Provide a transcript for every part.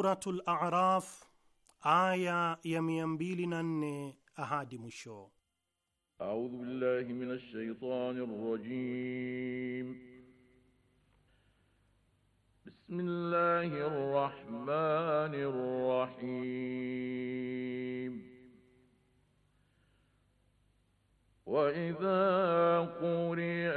Suratul Araf aya ya 204 hadi mwisho. A'udhu billahi minash shaitani rrajim. بسم الله الرحمن الرحيم وإذا قرئ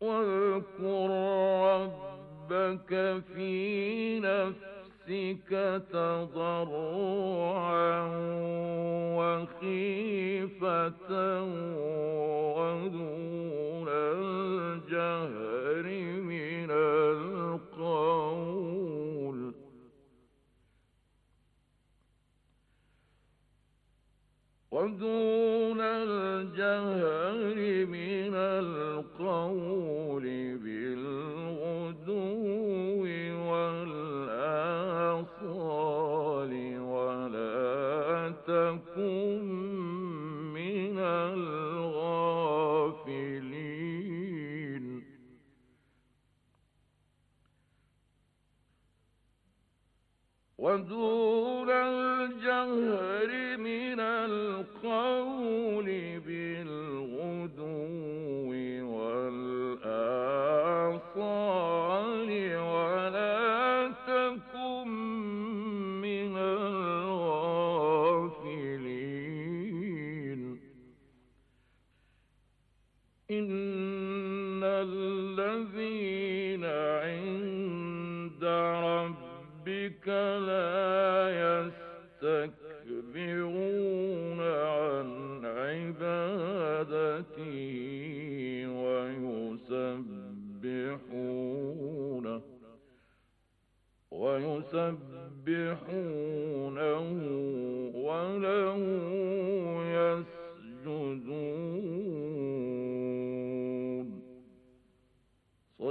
واذكر ربك في نفسك تضرعا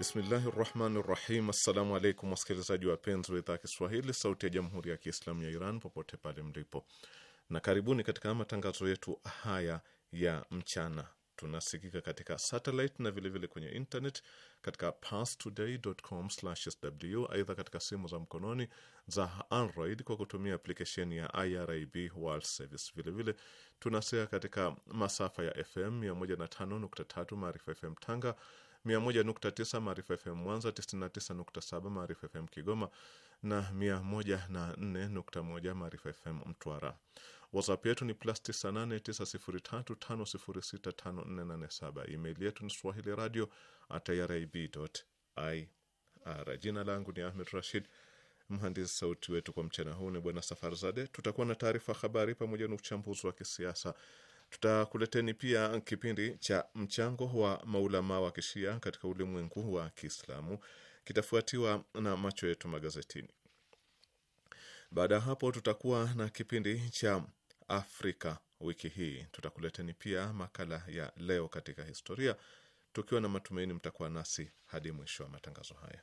Bismillahi rahmani rahim. Assalamu alaikum wasikilizaji wapenzi wa idhaa Kiswahili sauti ya jamhuri ya Kiislamu ya Iran popote pale mlipo, na karibuni katika matangazo yetu haya ya mchana. Tunasikika katika satellite na vilevile vile kwenye internet katika parstoday.com/sw. Aidha, katika simu za mkononi za Android kwa kutumia aplikesheni ya IRIB World Service. Vilevile tunasikika katika masafa ya FM 105.3 Maarifa FM Tanga 101.9 Maarifa FM Mwanza, 99.7 Maarifa FM Kigoma na 104.1 Maarifa FM Mtwara. WhatsApp yetu ni plus 989035065487. Email yetu ni swahili radio at irib.ir. Jina langu ni Ahmed Rashid. Mhandisi sauti wetu kwa mchana huu ni Bwana Safarzade. Tutakuwa na taarifa habari pamoja na uchambuzi wa kisiasa Tutakuleteni pia kipindi cha mchango wa maulama wa kishia katika ulimwengu wa Kiislamu, kitafuatiwa na macho yetu magazetini. Baada ya hapo, tutakuwa na kipindi cha Afrika wiki hii. Tutakuleteni pia makala ya leo katika historia, tukiwa na matumaini mtakuwa nasi hadi mwisho wa matangazo haya.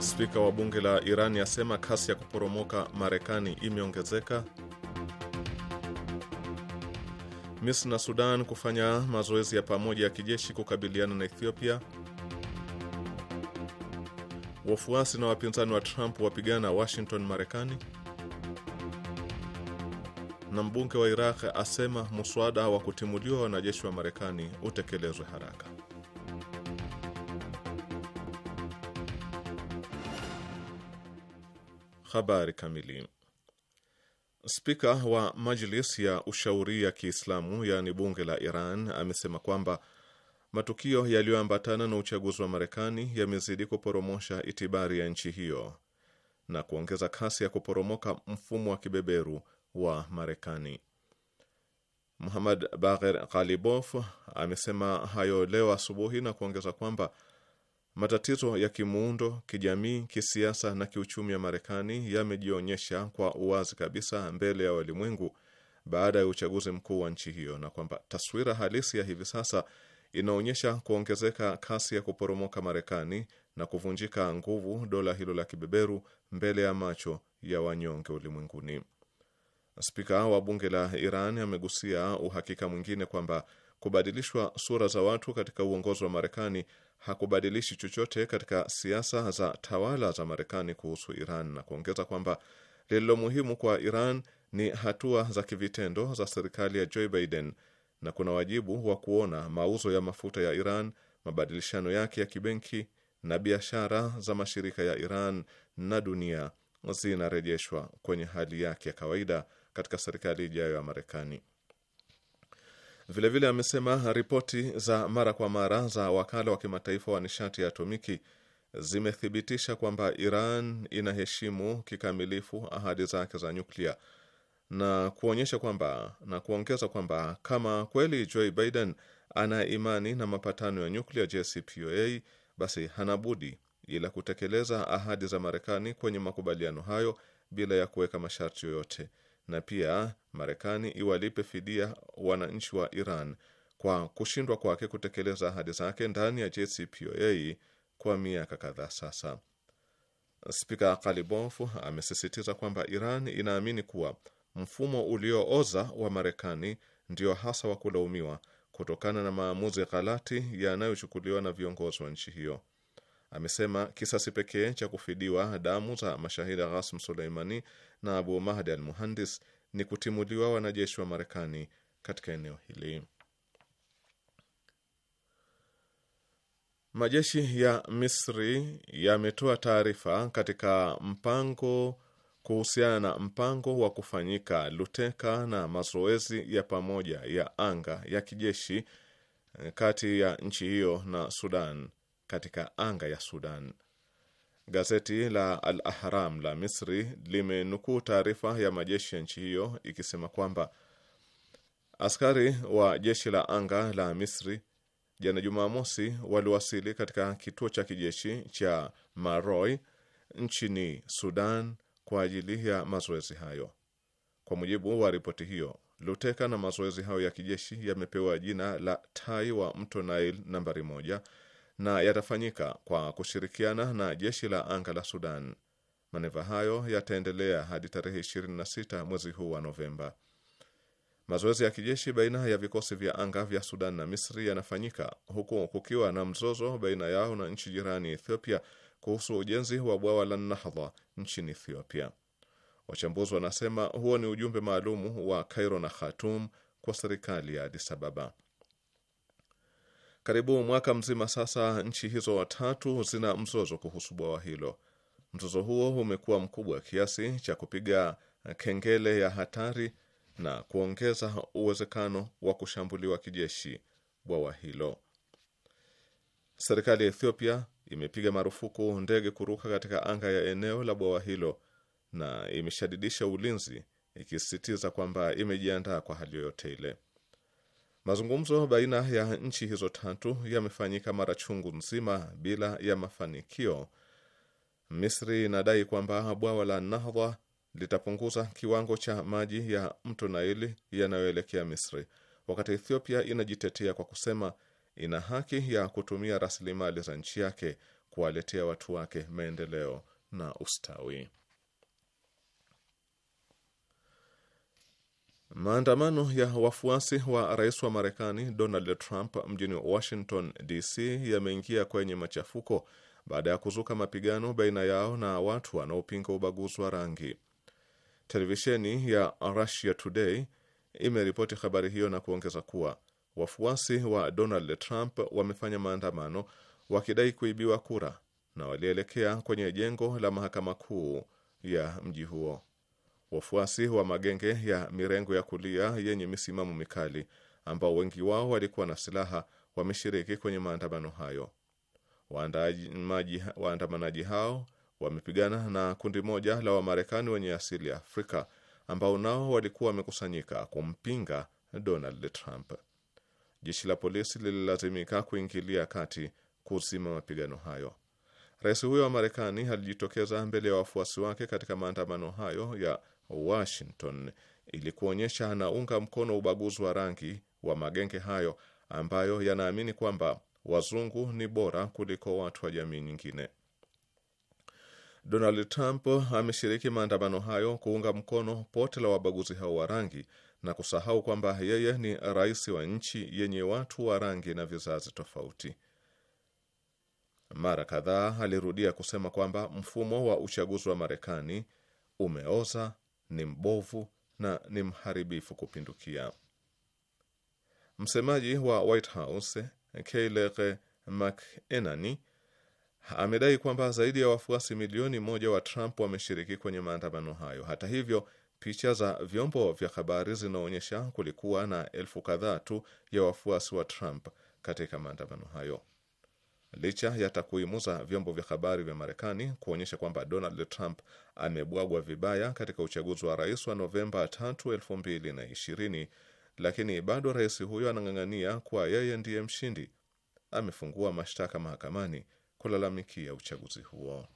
Spika wa bunge la Irani asema kasi ya kuporomoka Marekani imeongezeka. Misri na Sudan kufanya mazoezi ya pamoja ya kijeshi kukabiliana na Ethiopia. Wafuasi na wapinzani wa Trump wapigana Washington, Marekani. Na mbunge wa Iraq asema muswada wa kutimuliwa wanajeshi wa Marekani utekelezwe haraka. Habari kamili. Spika wa Majlis ya Ushauri ya Kiislamu, yaani bunge la Iran, amesema kwamba matukio yaliyoambatana na uchaguzi wa Marekani yamezidi kuporomosha itibari ya nchi hiyo na kuongeza kasi ya kuporomoka mfumo wa kibeberu wa Marekani. Muhammad Bagher Ghalibaf amesema hayo leo asubuhi na kuongeza kwamba Matatizo ya kimuundo, kijamii, kisiasa na kiuchumi ya Marekani yamejionyesha kwa uwazi kabisa mbele ya walimwengu baada ya uchaguzi mkuu wa nchi hiyo, na kwamba taswira halisi ya hivi sasa inaonyesha kuongezeka kasi ya kuporomoka Marekani na kuvunjika nguvu dola hilo la kibeberu mbele ya macho ya wanyonge ulimwenguni. Spika wa bunge la Iran amegusia uhakika mwingine kwamba kubadilishwa sura za watu katika uongozi wa Marekani hakubadilishi chochote katika siasa za tawala za Marekani kuhusu Iran, na kuongeza kwamba lililo muhimu kwa Iran ni hatua za kivitendo za serikali ya Joe Biden, na kuna wajibu wa kuona mauzo ya mafuta ya Iran, mabadilishano yake ya kibenki na biashara za mashirika ya Iran na dunia zinarejeshwa kwenye hali yake ya kawaida katika serikali ijayo ya Marekani. Vilevile amesema ripoti za mara kwa mara za wakala wa kimataifa wa nishati ya atomiki zimethibitisha kwamba Iran inaheshimu kikamilifu ahadi zake za nyuklia na kuonyesha kwamba na kuongeza kwamba kama kweli Joe Biden ana imani na mapatano ya nyuklia JCPOA, basi hana budi ila kutekeleza ahadi za Marekani kwenye makubaliano hayo bila ya kuweka masharti yoyote na pia Marekani iwalipe fidia wananchi wa Iran kwa kushindwa kwake kutekeleza ahadi zake ndani ya JCPOA kwa miaka kadhaa sasa. Spika Ghalibaf amesisitiza kwamba Iran inaamini kuwa mfumo uliooza wa Marekani ndio hasa wa kulaumiwa kutokana na maamuzi ghalati yanayochukuliwa na viongozi wa nchi hiyo. Amesema kisasi pekee cha kufidiwa damu za mashahidi Qasim Suleimani na Abu Mahdi al Muhandis ni kutimuliwa wanajeshi wa Marekani katika eneo hili. Majeshi ya Misri yametoa taarifa katika mpango kuhusiana na mpango wa kufanyika luteka na mazoezi ya pamoja ya anga ya kijeshi eh, kati ya nchi hiyo na Sudan katika anga ya Sudan. Gazeti la Al Ahram la Misri limenukuu taarifa ya majeshi ya nchi hiyo ikisema kwamba askari wa jeshi la anga la Misri jana Jumamosi waliwasili katika kituo cha kijeshi cha Maroi nchini Sudan kwa ajili ya mazoezi hayo. Kwa mujibu wa ripoti hiyo, luteka na mazoezi hayo ya kijeshi yamepewa jina la Tai wa mto Nile nambari moja na yatafanyika kwa kushirikiana na jeshi la anga la Sudan. Maneva hayo yataendelea hadi tarehe 26 mwezi huu wa Novemba. Mazoezi ya kijeshi baina ya vikosi vya anga vya Sudan na Misri yanafanyika huku kukiwa na mzozo baina yao na nchi jirani Ethiopia kuhusu ujenzi wa bwawa la Nahdha nchini Ethiopia. Wachambuzi wanasema huo ni ujumbe maalumu wa cairo na Khartoum kwa serikali ya Addis Ababa. Karibu mwaka mzima sasa, nchi hizo tatu zina mzozo kuhusu bwawa hilo. Mzozo huo umekuwa mkubwa kiasi cha kupiga kengele ya hatari na kuongeza uwezekano wa kushambuliwa kijeshi bwawa hilo. Serikali ya Ethiopia imepiga marufuku ndege kuruka katika anga ya eneo la bwawa hilo na imeshadidisha ulinzi, ikisisitiza kwamba imejiandaa kwa hali yoyote ile. Mazungumzo baina ya nchi hizo tatu yamefanyika mara chungu nzima bila ya mafanikio. Misri inadai kwamba bwawa la Nahdha litapunguza kiwango cha maji ya mto Naili yanayoelekea Misri, wakati Ethiopia inajitetea kwa kusema ina haki ya kutumia rasilimali za nchi yake kuwaletea watu wake maendeleo na ustawi. Maandamano ya wafuasi wa rais wa Marekani Donald Trump mjini Washington DC yameingia kwenye machafuko baada ya kuzuka mapigano baina yao na watu wanaopinga ubaguzi wa rangi. Televisheni ya Russia Today imeripoti habari hiyo na kuongeza kuwa wafuasi wa Donald Trump wamefanya maandamano wakidai kuibiwa kura na walielekea kwenye jengo la mahakama kuu ya mji huo. Wafuasi wa magenge ya mirengo ya kulia yenye misimamo mikali ambao wengi wao walikuwa na silaha wameshiriki kwenye maandamano hayo. Waandamanaji hao wamepigana na kundi moja la Wamarekani wenye asili ya Afrika ambao nao walikuwa wamekusanyika kumpinga Donald Trump. Jeshi la polisi lililazimika kuingilia kati kuzima mapigano hayo. Rais huyo wa Marekani alijitokeza mbele ya wafuasi wake katika maandamano hayo ya Washington ili kuonyesha anaunga mkono ubaguzi wa rangi wa magenge hayo ambayo yanaamini kwamba wazungu ni bora kuliko watu wa jamii nyingine. Donald Trump ameshiriki maandamano hayo kuunga mkono pote la wabaguzi hao wa rangi na kusahau kwamba yeye ni rais wa nchi yenye watu wa rangi na vizazi tofauti. Mara kadhaa alirudia kusema kwamba mfumo wa uchaguzi wa Marekani umeoza ni mbovu na ni mharibifu kupindukia. Msemaji wa White House Kayleigh McEnany amedai kwamba zaidi ya wafuasi milioni moja wa Trump wameshiriki kwenye maandamano hayo. Hata hivyo, picha za vyombo vya habari zinaonyesha kulikuwa na elfu kadhaa tu ya wafuasi wa Trump katika maandamano hayo. Licha ya takwimu za vyombo vya habari vya Marekani kuonyesha kwamba Donald Trump amebwagwa vibaya katika uchaguzi wa rais wa Novemba 3, 2020, lakini bado rais huyo anang'ang'ania kuwa yeye ndiye mshindi. Amefungua mashtaka mahakamani kulalamikia uchaguzi huo.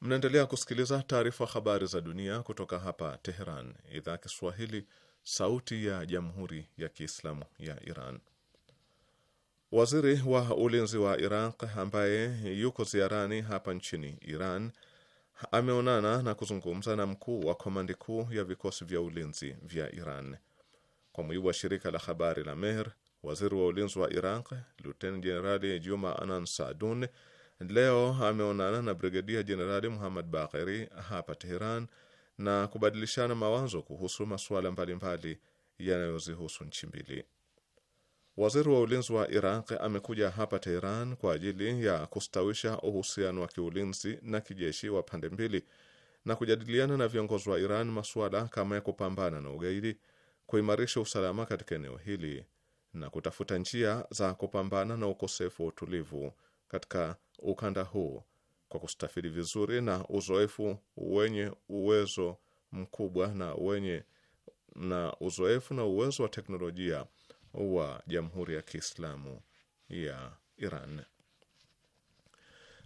Mnaendelea kusikiliza taarifa habari za dunia kutoka hapa Teheran, idhaa Kiswahili, sauti ya jamhuri ya kiislamu ya Iran. Waziri wa ulinzi wa Iraq ambaye yuko ziarani hapa nchini Iran ameonana na kuzungumza na mkuu wa komandi kuu ya vikosi vya ulinzi vya Iran. Kwa mujibu wa shirika la habari la Mehr, waziri wa ulinzi wa Iraq Luteni Jenerali Juma Anan Saadun leo ameonana na Brigedia Jenerali Muhammad Bagheri hapa Teheran na kubadilishana mawazo kuhusu masuala mbalimbali yanayozihusu nchi mbili. Waziri wa ulinzi wa Iraq amekuja hapa Teheran kwa ajili ya kustawisha uhusiano wa kiulinzi na kijeshi wa pande mbili na kujadiliana na viongozi wa Iran masuala kama ya kupambana na ugaidi, kuimarisha usalama katika eneo hili na kutafuta njia za kupambana na ukosefu wa utulivu katika ukanda huu kwa kustafidi vizuri na uzoefu wenye uwezo mkubwa na wenye na uzoefu na uwezo wa teknolojia wa Jamhuri ya Kiislamu ya Iran.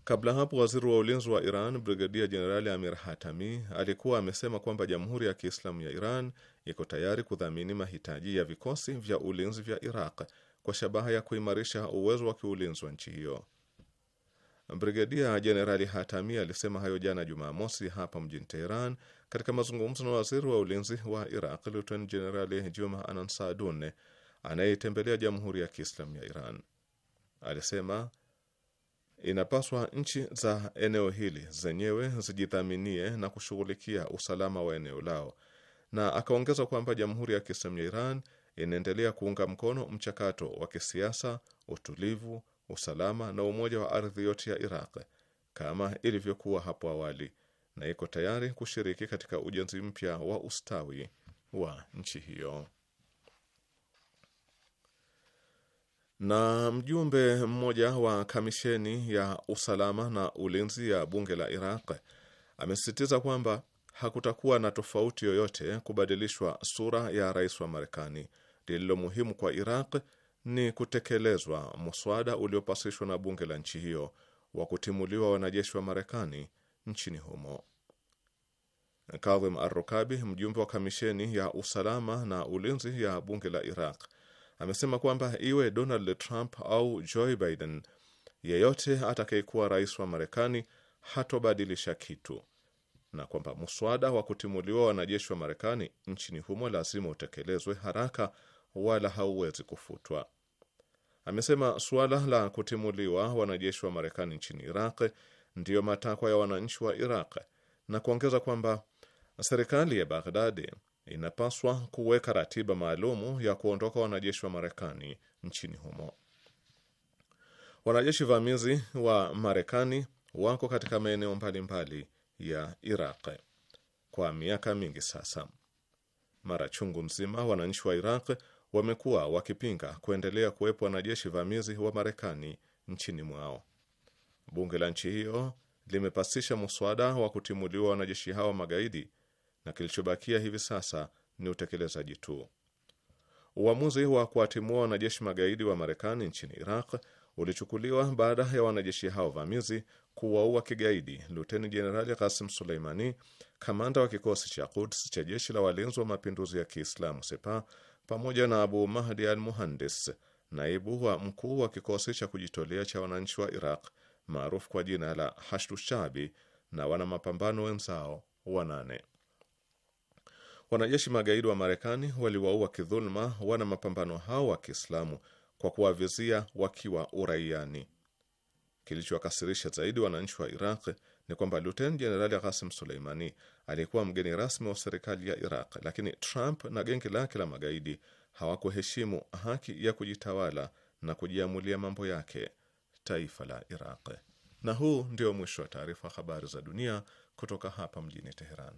Kabla hapo waziri wa ulinzi wa Iran Brigadia Jenerali Amir Hatami alikuwa amesema kwamba Jamhuri ya Kiislamu ya Iran iko tayari kudhamini mahitaji ya vikosi vya ulinzi vya Iraq kwa shabaha ya kuimarisha uwezo wa kiulinzi wa nchi hiyo. Brigadia Jenerali Hatami alisema hayo jana Jumamosi hapa mjini Teheran katika mazungumzo na waziri wa ulinzi wa Iraq Luteni Jenerali Juma Anan anayeitembelea Jamhuri ya Kiislamu ya Iran. Alisema inapaswa nchi za eneo hili zenyewe zijidhaminie na kushughulikia usalama wa eneo lao, na akaongeza kwamba Jamhuri ya Kiislamu ya Iran inaendelea kuunga mkono mchakato wa kisiasa, utulivu, usalama na umoja wa ardhi yote ya Iraq kama ilivyokuwa hapo awali na iko tayari kushiriki katika ujenzi mpya wa ustawi wa nchi hiyo. Na mjumbe mmoja wa kamisheni ya usalama na ulinzi ya bunge la Iraq amesisitiza kwamba hakutakuwa na tofauti yoyote kubadilishwa sura ya rais wa Marekani. Lililo muhimu kwa Iraq ni kutekelezwa muswada uliopasishwa na bunge la nchi hiyo wa kutimuliwa wanajeshi wa Marekani nchini humo. Kadhim Arrukabi, mjumbe wa kamisheni ya usalama na ulinzi ya bunge la Iraq, amesema kwamba iwe Donald Trump au Joe Biden, yeyote atakayekuwa rais wa Marekani hatobadilisha kitu na kwamba mswada wa kutimuliwa wanajeshi wa Marekani nchini humo lazima utekelezwe haraka, wala hauwezi kufutwa. Amesema suala la kutimuliwa wanajeshi wa Marekani nchini Iraq ndiyo matakwa ya wananchi wa Iraq na kuongeza kwamba serikali ya Baghdadi inapaswa kuweka ratiba maalumu ya kuondoka wanajeshi wa Marekani nchini humo. Wanajeshi vamizi wa Marekani wako katika maeneo mbalimbali ya Iraq kwa miaka mingi sasa. Mara chungu mzima wananchi wa Iraq wamekuwa wakipinga kuendelea kuwepo wanajeshi vamizi wa Marekani nchini mwao. Bunge la nchi hiyo limepasisha muswada wa kutimuliwa wanajeshi hawa magaidi na kilichobakia hivi sasa ni utekelezaji tu. Uamuzi wa kuwatimua wanajeshi magaidi wa Marekani nchini Iraq ulichukuliwa baada ya wanajeshi hao vamizi kuwaua kigaidi Luteni Jenerali Kasim Suleimani, kamanda wa kikosi cha Quds cha jeshi la walinzi wa mapinduzi ya Kiislamu Sepa, pamoja na Abu Mahdi al Muhandis, naibu wa mkuu wa kikosi cha kujitolea cha wananchi wa Iraq maarufu kwa jina la Hashdu Shabi na wana mapambano wenzao wanane. Wanajeshi magaidi wa Marekani waliwaua kidhuluma wana mapambano hao wa Kiislamu kwa kuwavizia wakiwa uraiani. Kilichowakasirisha zaidi wananchi wa Iraq ni kwamba Luten Jenerali Qasim Suleimani aliyekuwa mgeni rasmi wa serikali ya Iraq, lakini Trump na genge lake la magaidi hawakuheshimu haki ya kujitawala na kujiamulia mambo yake taifa la Iraq. Na huu ndio mwisho wa taarifa habari za dunia kutoka hapa mjini Teheran.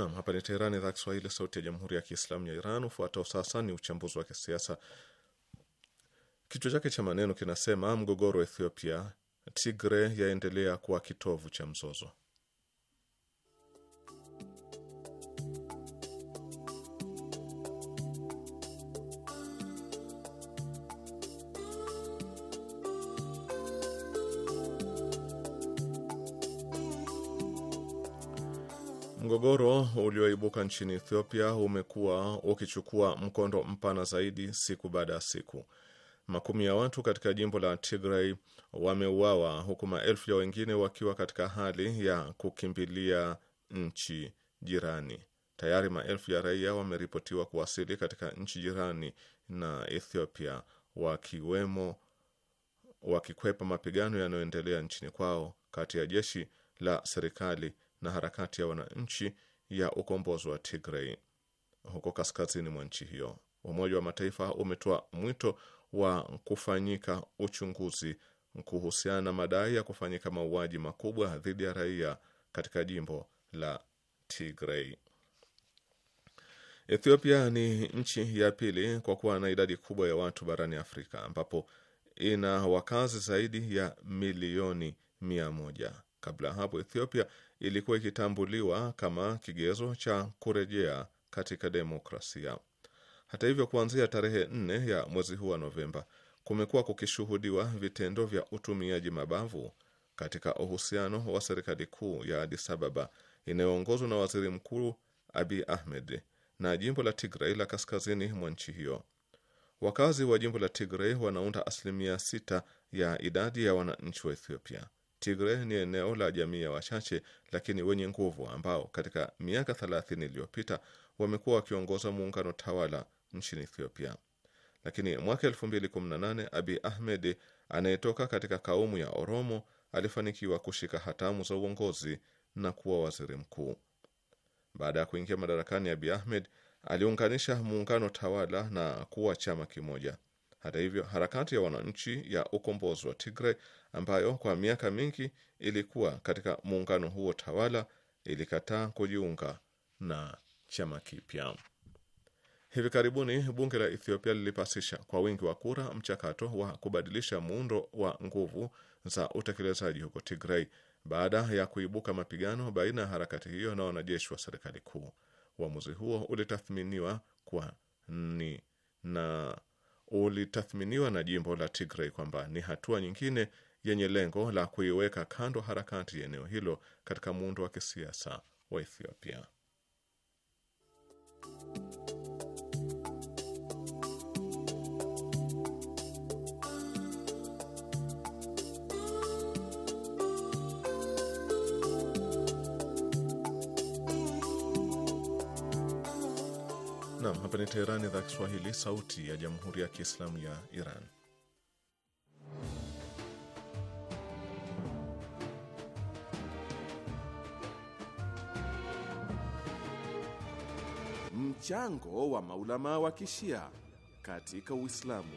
Nam, hapa ni Teherani, idhaa Kiswahili, sauti ya jamhuri ya kiislamu ya Iran. Ufuatao sasa ni uchambuzi wa kisiasa, kichwa chake cha maneno kinasema mgogoro wa Ethiopia, Tigre yaendelea kuwa kitovu cha mzozo. Mgogoro ulioibuka nchini Ethiopia umekuwa ukichukua mkondo mpana zaidi siku baada ya siku. Makumi ya watu katika jimbo la Tigray wameuawa huku maelfu ya wengine wakiwa katika hali ya kukimbilia nchi jirani. Tayari maelfu ya raia wameripotiwa kuwasili katika nchi jirani na Ethiopia, wakiwemo wakikwepa mapigano yanayoendelea nchini kwao kati ya jeshi la serikali na harakati ya wananchi ya ukombozi wa Tigray huko kaskazini mwa nchi hiyo. Umoja wa Mataifa umetoa mwito wa kufanyika uchunguzi kuhusiana na madai ya kufanyika mauaji makubwa dhidi ya raia katika jimbo la Tigray. Ethiopia ni nchi ya pili kwa kuwa na idadi kubwa ya watu barani Afrika, ambapo ina wakazi zaidi ya milioni mia moja. Kabla hapo Ethiopia ilikuwa ikitambuliwa kama kigezo cha kurejea katika demokrasia. Hata hivyo, kuanzia tarehe nne ya mwezi huu wa Novemba kumekuwa kukishuhudiwa vitendo vya utumiaji mabavu katika uhusiano wa serikali kuu ya Addis Ababa inayoongozwa na waziri mkuu Abiy Ahmed na jimbo la Tigray la kaskazini mwa nchi hiyo. Wakazi wa jimbo la Tigray wanaunda asilimia sita ya idadi ya wananchi wa Ethiopia. Tigre ni eneo la jamii ya wachache lakini wenye nguvu ambao katika miaka 30 iliyopita wamekuwa wakiongoza muungano tawala nchini Ethiopia. Lakini mwaka 2018 abi Ahmed anayetoka katika kaumu ya Oromo alifanikiwa kushika hatamu za uongozi na kuwa waziri mkuu. Baada ya kuingia madarakani, abi Ahmed aliunganisha muungano tawala na kuwa chama kimoja. Hata hivyo, harakati ya wananchi ya ukombozi wa Tigray ambayo kwa miaka mingi ilikuwa katika muungano huo tawala ilikataa kujiunga na chama kipya. Hivi karibuni bunge la Ethiopia lilipasisha kwa wingi wa kura mchakato wa kubadilisha muundo wa nguvu za utekelezaji huko Tigray baada ya kuibuka mapigano baina ya harakati hiyo na wanajeshi wa serikali kuu. Uamuzi huo ulitathminiwa kwa ni na ulitathminiwa na jimbo la Tigray kwamba ni hatua nyingine yenye lengo la kuiweka kando harakati ya eneo hilo katika muundo wa kisiasa wa Ethiopia. Hapa ni Teherani, idhaa Kiswahili, sauti ya jamhuri ya kiislamu ya Iran. Mchango wa maulama wa kishia katika Uislamu.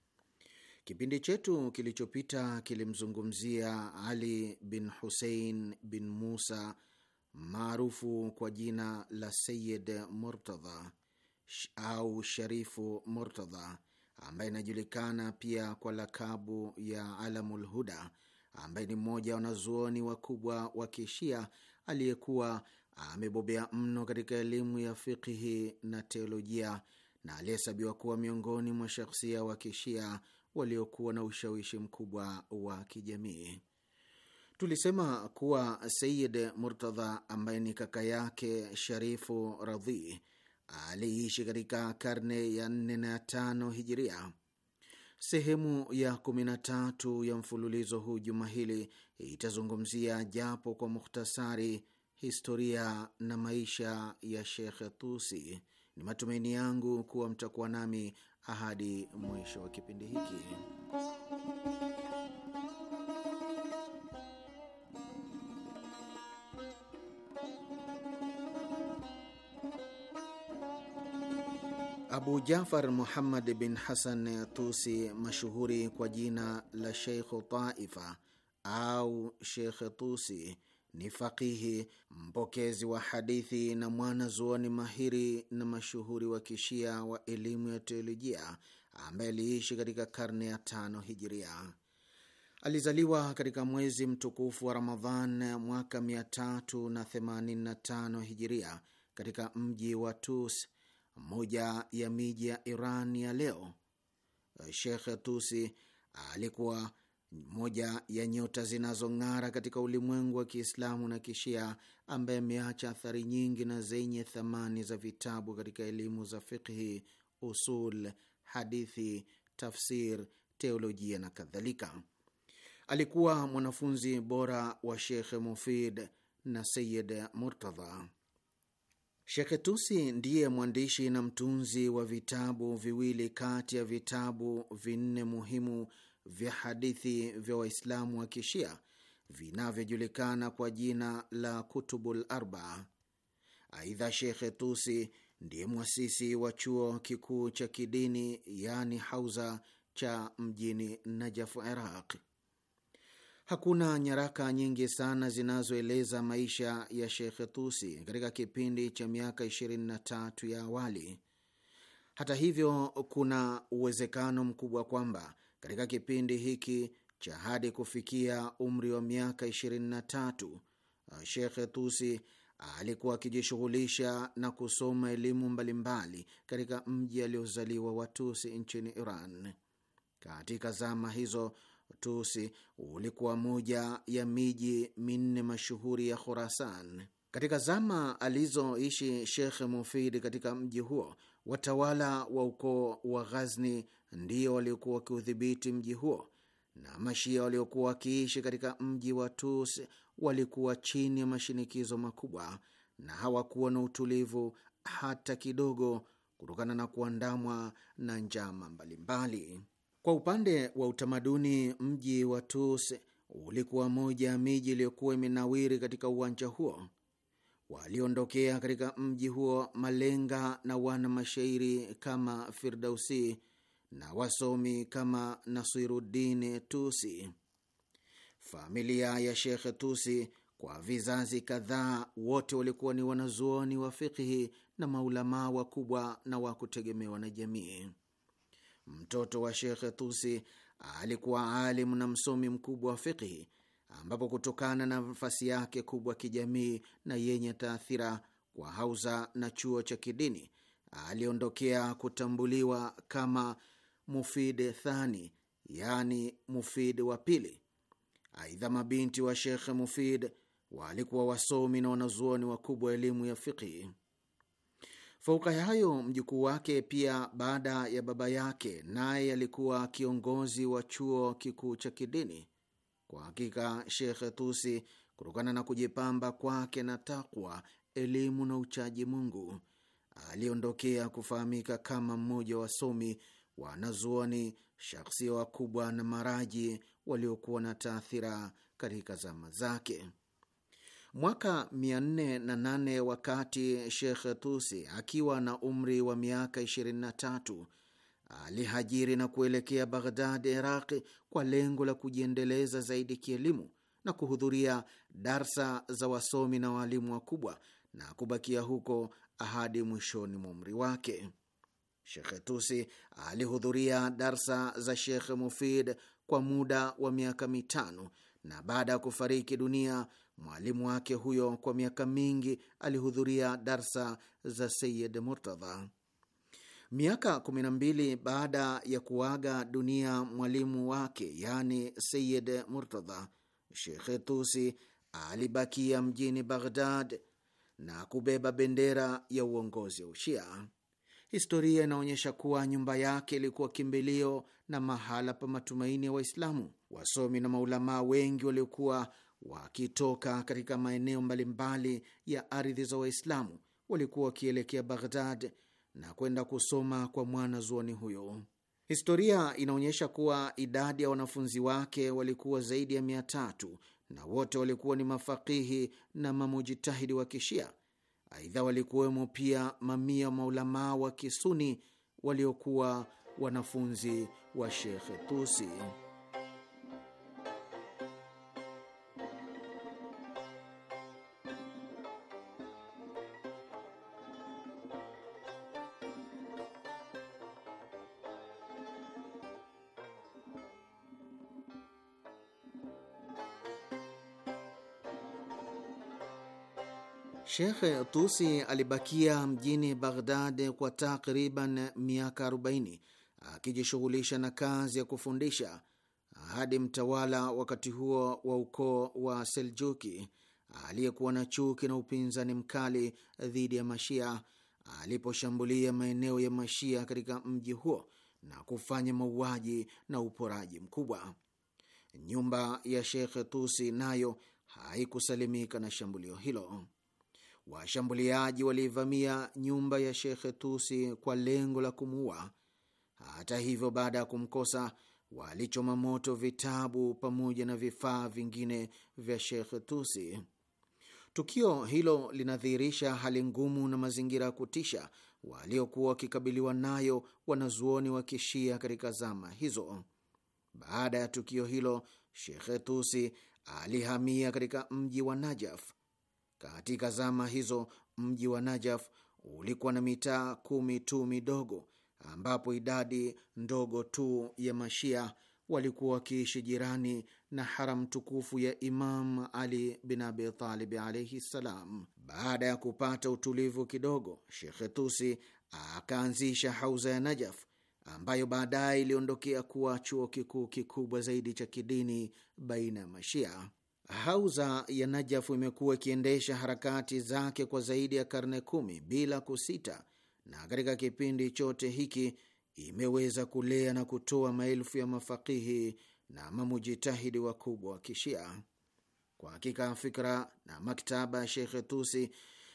Kipindi chetu kilichopita kilimzungumzia Ali bin Husein bin Musa maarufu kwa jina la Sayid Murtadha au Sharifu Murtadha, ambaye inajulikana pia kwa lakabu ya Alamul Huda, ambaye ni mmoja wa wanazuoni wakubwa wa Kishia aliyekuwa amebobea mno katika elimu ya fiqhi na teolojia na aliyehesabiwa kuwa miongoni mwa shakhsia wa Kishia waliokuwa na ushawishi mkubwa wa kijamii. Tulisema kuwa Sayid Murtadha ambaye ni kaka yake Sharifu Radhi aliishi katika karne ya nne na tano hijiria. Sehemu ya kumi na tatu ya mfululizo huu juma hili itazungumzia japo kwa mukhtasari historia na maisha ya Shekhe Tusi. Ni matumaini yangu kuwa mtakuwa nami ahadi mwisho wa kipindi hiki. Abu Jafar Muhammad bin Hasan Tusi, mashuhuri kwa jina la Sheikhu Taifa au Sheikh Tusi ni fakihi mpokezi wa hadithi na mwanazuoni mahiri na mashuhuri wa kishia wa elimu ya teolojia ambaye aliishi katika karne ya tano hijiria. Alizaliwa katika mwezi mtukufu wa Ramadhan mwaka 385 hijiria katika mji wa Tus, moja ya miji ya Iran ya leo. Shekh Tusi alikuwa moja ya nyota zinazong'ara katika ulimwengu wa Kiislamu na Kishia, ambaye ameacha athari nyingi na zenye thamani za vitabu katika elimu za fiqhi, usul, hadithi, tafsir, teolojia na kadhalika. Alikuwa mwanafunzi bora wa Shekhe Mufid na Sayid Murtadha. Shekhe Tusi ndiye mwandishi na mtunzi wa vitabu viwili kati ya vitabu vinne muhimu vya hadithi vya Waislamu wa kishia vinavyojulikana kwa jina la Kutubul Arba. Aidha, Shekhe Tusi ndiye mwasisi wa chuo kikuu cha kidini yani hauza cha mjini Najaf, Iraq. Hakuna nyaraka nyingi sana zinazoeleza maisha ya Shekhe Tusi katika kipindi cha miaka 23 ya awali. Hata hivyo, kuna uwezekano mkubwa kwamba katika kipindi hiki cha hadi kufikia umri wa miaka 23 Shekhe Tusi alikuwa akijishughulisha na kusoma elimu mbalimbali katika mji aliozaliwa Watusi nchini Iran. Katika zama hizo, Tusi ulikuwa moja ya miji minne mashuhuri ya Khorasan. Katika zama alizoishi Shekh Mufid katika mji huo, watawala wa ukoo wa Ghazni ndio waliokuwa wakiudhibiti mji huo na Mashia waliokuwa wakiishi katika mji wa Tus walikuwa chini ya mashinikizo makubwa na hawakuwa na utulivu hata kidogo, kutokana na kuandamwa na njama mbalimbali. Kwa upande wa utamaduni, mji wa Tus ulikuwa moja ya miji iliyokuwa imenawiri katika uwanja huo. Waliondokea katika mji huo malenga na wana mashairi kama Firdausi na wasomi kama Nasiruddin Tusi. Familia ya Shekhe Tusi kwa vizazi kadhaa wote walikuwa ni wanazuoni wa fikihi na maulamaa wakubwa na wa kutegemewa na jamii. Mtoto wa Shekhe Tusi alikuwa alimu na msomi mkubwa wa fikihi, ambapo kutokana na nafasi yake kubwa kijamii na yenye taathira kwa hauza na chuo cha kidini aliondokea kutambuliwa kama Mufid Thani, yani Mufid wa pili. Aidha, mabinti wa Shekh Mufid walikuwa wasomi na wanazuoni wakubwa wa elimu ya fiqhi. Fauka ya hayo, mjukuu wake pia baada ya baba yake, naye alikuwa kiongozi wa chuo kikuu cha kidini. Kwa hakika Shekhe Tusi, kutokana na kujipamba kwake na takwa, elimu na uchaji Mungu, aliondokea kufahamika kama mmoja wa wasomi wanazuoni, shakhsia wakubwa na maraji waliokuwa na taathira katika zama zake. Mwaka 408 wakati Shekh Tusi akiwa na umri wa miaka 23 alihajiri na kuelekea Baghdad, Iraqi, kwa lengo la kujiendeleza zaidi kielimu na kuhudhuria darsa za wasomi na waalimu wakubwa na kubakia huko hadi mwishoni mwa umri wake. Shekhe Tusi alihudhuria darsa za shekh Mufid kwa muda wa miaka mitano, na baada ya kufariki dunia mwalimu wake huyo, kwa miaka mingi alihudhuria darsa za Sayid Murtadha. Miaka kumi na mbili baada ya kuaga dunia mwalimu wake, yaani Sayid Murtadha, Shekhe Tusi alibakia mjini Baghdad na kubeba bendera ya uongozi wa Ushia. Historia inaonyesha kuwa nyumba yake ilikuwa kimbilio na mahala pa matumaini ya wa Waislamu. Wasomi na maulamaa wengi waliokuwa wakitoka katika maeneo mbalimbali ya ardhi za Waislamu walikuwa wakielekea Baghdad na kwenda kusoma kwa mwanazuoni huyo. Historia inaonyesha kuwa idadi ya wanafunzi wake walikuwa zaidi ya mia tatu na wote walikuwa ni mafakihi na mamujitahidi wa Kishia Aidha, walikuwemo pia mamia maulamaa wa kisuni waliokuwa wanafunzi wa Shekhe Tusi. Shekhe Tusi alibakia mjini Baghdad kwa takriban miaka 40 akijishughulisha na kazi ya kufundisha hadi mtawala wakati huo wa ukoo wa Seljuki aliyekuwa na chuki na upinzani mkali dhidi ya Mashia aliposhambulia maeneo ya Mashia katika mji huo na kufanya mauaji na uporaji mkubwa. Nyumba ya Shekhe Tusi nayo haikusalimika na shambulio hilo washambuliaji waliivamia nyumba ya Shekhe Tusi kwa lengo la kumuua. Hata hivyo, baada ya kumkosa walichoma moto vitabu pamoja na vifaa vingine vya Shekhe Tusi. Tukio hilo linadhihirisha hali ngumu na mazingira ya kutisha waliokuwa wakikabiliwa nayo wanazuoni wa kishia katika zama hizo. Baada ya tukio hilo, Shekhe Tusi alihamia katika mji wa Najaf katika zama hizo mji wa Najaf ulikuwa na mitaa kumi tu midogo, ambapo idadi ndogo tu ya Mashia walikuwa wakiishi jirani na haram tukufu ya Imam Ali bin Abi Talib alaihi ssalam. Baada ya kupata utulivu kidogo, Shekhe Tusi akaanzisha hauza ya Najaf ambayo baadaye iliondokea kuwa chuo kikuu kikubwa zaidi cha kidini baina ya Mashia. Hauza ya Najafu imekuwa ikiendesha harakati zake kwa zaidi ya karne kumi bila kusita, na katika kipindi chote hiki imeweza kulea na kutoa maelfu ya mafakihi na mamujitahidi wakubwa wa Kishia. Kwa hakika fikra na maktaba ya Shekhe Tusi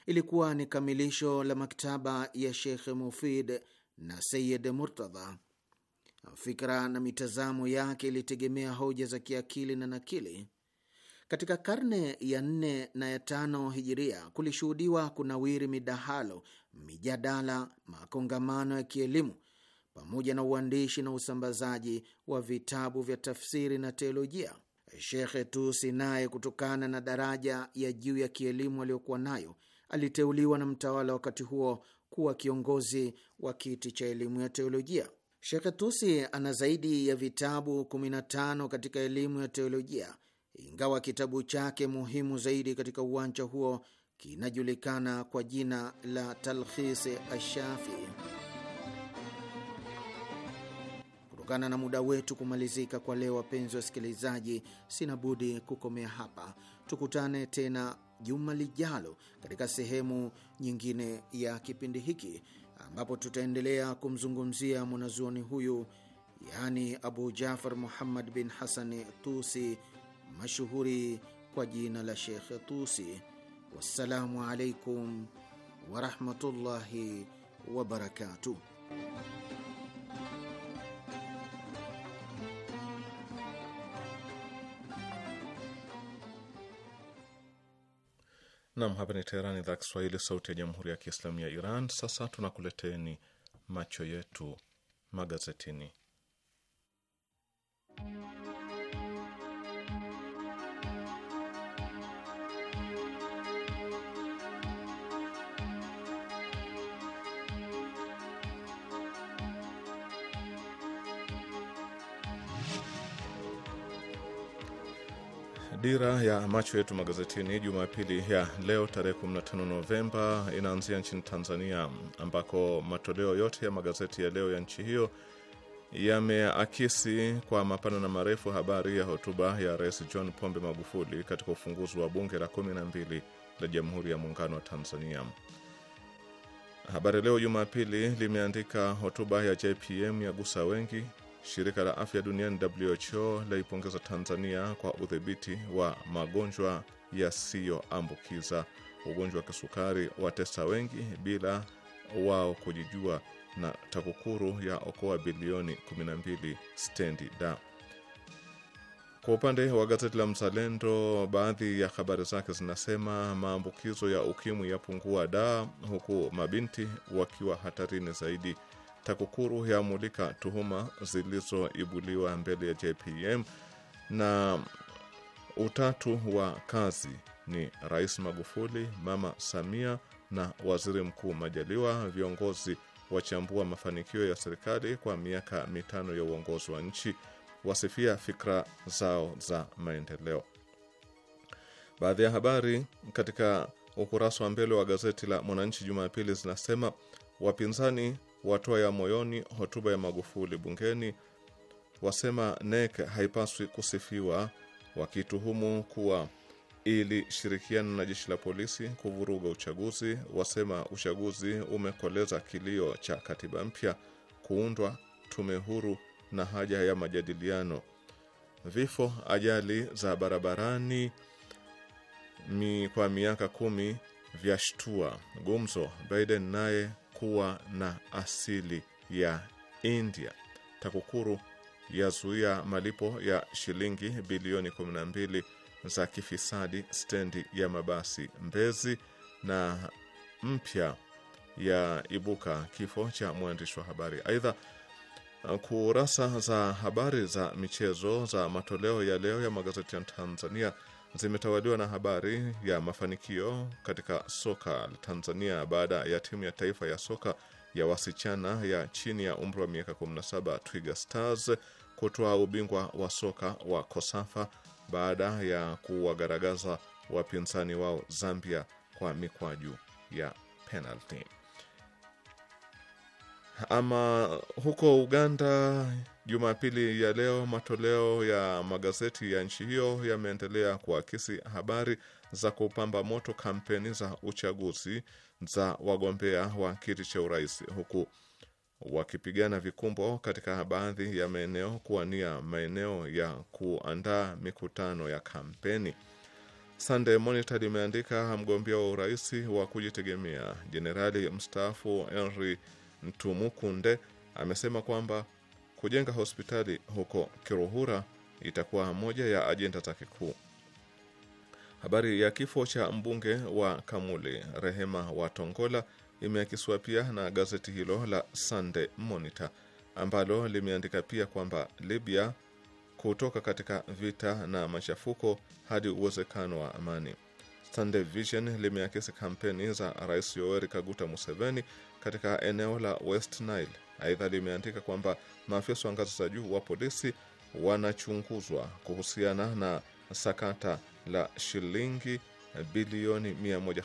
ilikuwa ni kamilisho la maktaba ya Shekhe Mufid na Sayid Murtadha. Fikra na mitazamo yake ilitegemea hoja za kiakili na nakili katika karne ya nne na ya tano hijiria kulishuhudiwa kunawiri midahalo, mijadala, makongamano ya kielimu pamoja na uandishi na usambazaji wa vitabu vya tafsiri na teolojia. Shekhe Tusi naye, kutokana na daraja ya juu ya kielimu aliyokuwa nayo, aliteuliwa na mtawala wakati huo kuwa kiongozi wa kiti cha elimu ya teolojia. Shekhe Tusi ana zaidi ya vitabu 15 katika elimu ya teolojia ingawa kitabu chake muhimu zaidi katika uwanja huo kinajulikana kwa jina la Talkhis ashafi Kutokana na muda wetu kumalizika kwa leo, wapenzi wasikilizaji, sina budi kukomea hapa. Tukutane tena juma lijalo katika sehemu nyingine ya kipindi hiki ambapo tutaendelea kumzungumzia mwanazuoni huyu, yaani Abu Jafar Muhammad bin Hasani Tusi mashuhuri kwa jina la Sheikh Tusi. Wassalamu alaikum warahmatullahi wabarakatuh. Nam, hapa ni Teherani, idhaa Kiswahili, sauti ya jamhuri ya kiislamu ya Iran. Sasa tunakuleteni macho yetu magazetini. Dira ya macho yetu magazetini Jumapili ya leo tarehe 15 Novemba inaanzia nchini Tanzania, ambako matoleo yote ya magazeti ya leo ya nchi hiyo yameakisi kwa mapana na marefu habari ya hotuba ya Rais John Pombe Magufuli katika ufunguzi wa bunge la 12 la Jamhuri ya Muungano wa Tanzania. Habari Leo Jumapili limeandika hotuba ya JPM ya gusa wengi Shirika la afya duniani WHO laipongeza Tanzania kwa udhibiti wa magonjwa yasiyoambukiza. Ugonjwa wa kisukari watesa wengi bila wao kujijua, na TAKUKURU ya okoa bilioni 12 stendi da. Kwa upande wa gazeti la Mzalendo, baadhi ya habari zake zinasema maambukizo ya ukimwi yapungua da, huku mabinti wakiwa hatarini zaidi TAKUKURU yamulika tuhuma zilizoibuliwa mbele ya JPM na utatu wa kazi ni Rais Magufuli, Mama Samia na Waziri Mkuu Majaliwa. Viongozi wachambua mafanikio ya serikali kwa miaka mitano ya uongozi wa nchi, wasifia fikra zao za maendeleo. Baadhi ya habari katika ukurasa wa mbele wa gazeti la Mwananchi Jumapili zinasema wapinzani watoa ya moyoni hotuba ya Magufuli bungeni, wasema NEC haipaswi kusifiwa, wakituhumu kuwa ilishirikiana na jeshi la polisi kuvuruga uchaguzi, wasema uchaguzi umekoleza kilio cha katiba mpya, kuundwa tume huru na haja ya majadiliano, vifo, ajali za barabarani mi kwa miaka kumi vyashtua gumzo. Biden naye kuwa na asili ya India. TAKUKURU yazuia malipo ya shilingi bilioni 12 za kifisadi stendi ya mabasi Mbezi, na mpya ya ibuka kifo cha mwandishi wa habari. Aidha, kurasa za habari za michezo za matoleo ya leo ya magazeti ya Tanzania zimetawaliwa na habari ya mafanikio katika soka Tanzania baada ya timu ya taifa ya soka ya wasichana ya chini ya umri wa miaka 17 Twiga Stars kutoa ubingwa wa soka wa Kosafa baada ya kuwagaragaza wapinzani wao Zambia kwa mikwaju ya penalty. Ama huko Uganda Jumapili ya leo matoleo ya magazeti ya nchi hiyo yameendelea kuakisi habari za kupamba moto kampeni za uchaguzi za wagombea wa kiti cha urais huku wakipigana vikumbo katika baadhi ya maeneo kuwania maeneo ya kuandaa mikutano ya kampeni. Sunday Monitor limeandika mgombea wa urais wa kujitegemea jenerali mstaafu Henry Ntumukunde amesema kwamba Kujenga hospitali huko Kiruhura itakuwa moja ya ajenda zake kuu. Habari ya kifo cha mbunge wa Kamuli Rehema wa Tongola imeakiswa pia na gazeti hilo la Sunday Monitor ambalo limeandika pia kwamba Libya kutoka katika vita na machafuko hadi uwezekano wa amani. Sunday Vision limeakisi kampeni za Rais Yoweri Kaguta Museveni katika eneo la West Nile. Aidha, limeandika kwamba maafisa wa ngazi za juu wa polisi wanachunguzwa kuhusiana na sakata la shilingi bilioni 150.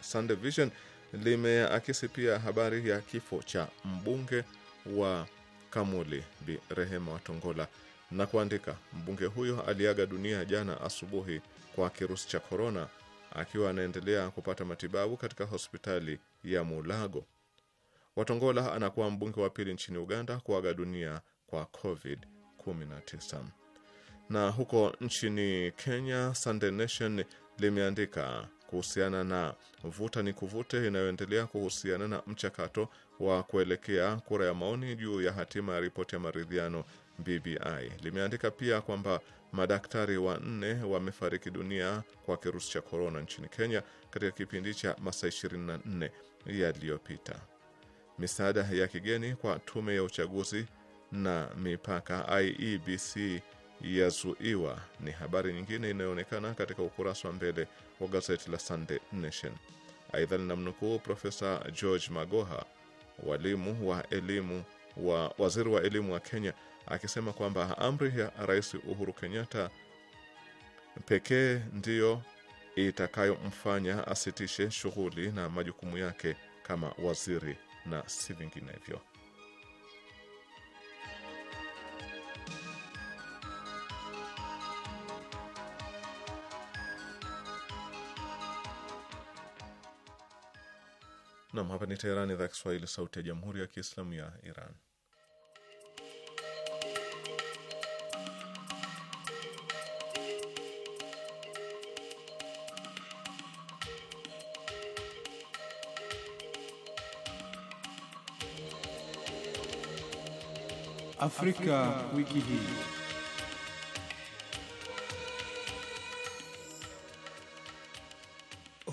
Sunday Vision limeakisi pia habari ya kifo cha mbunge wa Kamuli Bi Rehema Watongola na kuandika, mbunge huyo aliaga dunia jana asubuhi kwa kirusi cha korona akiwa anaendelea kupata matibabu katika hospitali ya Mulago. Watongola anakuwa mbunge wa pili nchini Uganda kuaga dunia kwa COVID-19. Na huko nchini Kenya, Sunday Nation limeandika kuhusiana na vuta ni kuvute inayoendelea kuhusiana na mchakato wa kuelekea kura ya maoni juu ya hatima ya ripoti ya maridhiano BBI. Limeandika pia kwamba madaktari wanne wamefariki dunia kwa kirusi cha korona nchini Kenya katika kipindi cha masaa 24 yaliyopita. Misaada ya kigeni kwa tume ya uchaguzi na mipaka IEBC yazuiwa ni habari nyingine inayoonekana katika ukurasa wa mbele wa gazeti la Sunday Nation. Aidha, linamnukuu Profesa George Magoha, walimu wa elimu wa waziri wa elimu wa Kenya akisema kwamba amri ya Rais Uhuru Kenyatta pekee ndiyo itakayomfanya asitishe shughuli na majukumu yake kama waziri na si vinginevyo. Nam, hapa ni Teherani, idhaa Kiswahili, sauti ya jamhuri ya kiislamu ya Iran. Afrika, wiki hii.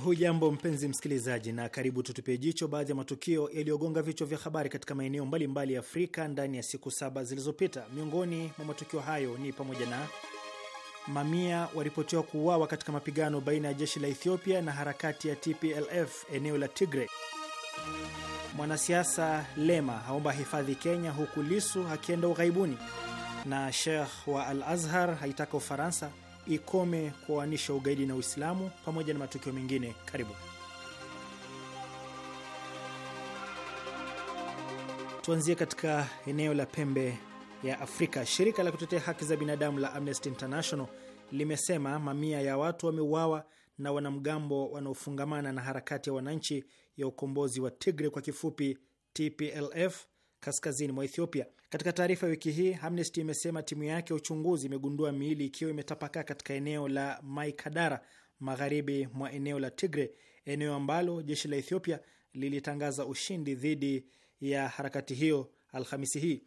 Hujambo mpenzi msikilizaji, na karibu tutupie jicho baadhi ya matukio yaliyogonga vichwa vya habari katika maeneo mbalimbali ya Afrika ndani ya siku saba zilizopita. Miongoni mwa matukio hayo ni pamoja na mamia waripotiwa kuuawa katika mapigano baina ya jeshi la Ethiopia na harakati ya TPLF eneo la Tigray Mwanasiasa Lema aomba hifadhi Kenya, huku Lisu akienda ughaibuni, na Sheikh wa Al Azhar haitaka Ufaransa ikome kuoanisha ugaidi na Uislamu, pamoja na matukio mengine. Karibu tuanzie katika eneo la pembe ya Afrika. Shirika la kutetea haki za binadamu la Amnesty International limesema mamia ya watu wameuawa na wanamgambo wanaofungamana na harakati ya wananchi ya ukombozi wa Tigre kwa kifupi TPLF kaskazini mwa Ethiopia. Katika taarifa ya wiki hii, Amnesty imesema timu yake ya uchunguzi imegundua miili ikiwa imetapakaa katika eneo la Maikadara magharibi mwa eneo la Tigre, eneo ambalo jeshi la Ethiopia lilitangaza ushindi dhidi ya harakati hiyo Alhamisi hii.